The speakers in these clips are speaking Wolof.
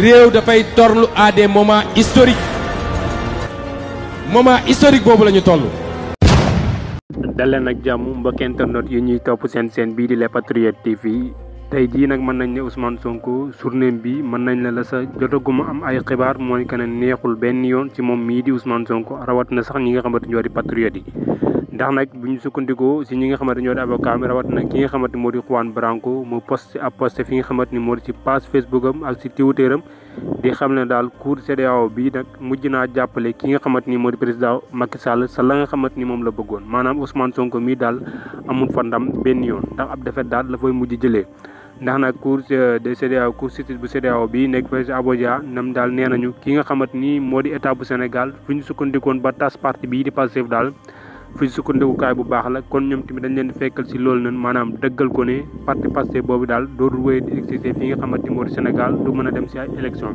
réew dafay torlu à des moments historiques moment boobu lañu ñu toll. dalleen ak jàmm mbokk internet yi ñuy topp seen seen bii di la Patriotes TV tey jii nag mën nañ ne Ousmane Sonko journée bi mën nañ la la sa jotaguma am ay xibaar mooy que neexul benn yoon ci moom mii di Ousmane Sonko rawat na sax ñi nga xamante ñoo di patriote yi. ndax nag bu ñu sukkandikoo si ñi nga xamante ñoo di avocat mi rawat nag ki nga xamante moo di Juan Branco mu poste ab poste fi nga xamante ni moo di si page Facebook am ak si Twitter am di xam ne daal cour CEDEAO bi nag mujj naa jàppale ki nga xamante ni moo di président Macky Sall sa la nga xamante ni moom la bëggoon maanaam Ousmane Sonko mii daal amul fa ndam benn yoon ndax ab defet daal la fay mujj jëlee ndax nag cour euh, de CEDEAO cour justice bu CEDEAO bi nekk fee si Abuja nam daal nee nañu ki nga xamante ni moo di état bu Sénégal fu ñu sukkandikoon ba tas parti bii di Pastef daal fi sukkandikukaay bu baax la kon ñoom tamit dañ leen di fekkal si loolu noonu maanaam dëggal ko ne parti Pastef boobu daal dootul wéy di exister fi nga xamante ni moo di Sénégal du mën a dem si ay élection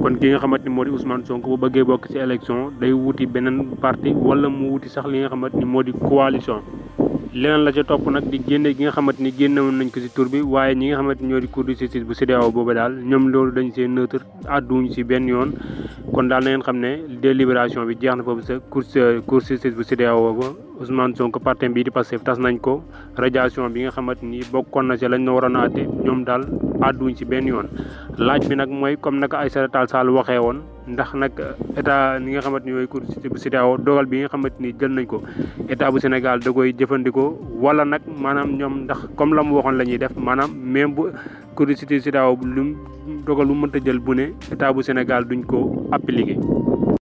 kon ki nga xamat ni moo di Ousmane Sonko bu bëggee bokk si élection day wuti beneen parti wala mu wuti sax li nga xamante ni moo di coalition leneen la ca topp nag di génne gi nga xamante ni génne woon nañ ko ci tur bi waaye ñi nga xamante ñoo di cour de justice bu CEDEAO boobu daal ñoom loolu dañ seen neutre àdduñu ci benn yoon kon daal na ngeen xam ne délibération bi jeex na foofu sa cour cour de justice bu CEDEAO ba Ousmane Sonko parti bii di Pastef tas nañ ko radiation bi nga xamante ni bokkoon na ci lañ na waroon a ñoom daal àdduñ ci benn yoon laaj bi nag mooy comme nag Aïssata Tall Sall waxee woon ndax nag eh, état ni nga xamante ni mooy cour bu CEDEAO dogal bi nga xamante ni jël nañ ko état bu Sénégal da koy jëfandikoo wala nag maanaam ñoom ndax comme la mu waxoon la def maanaam même bu cour bu CEDEAO lu dogal lu mënta jël bu ne état bu Sénégal duñ ko appliqué.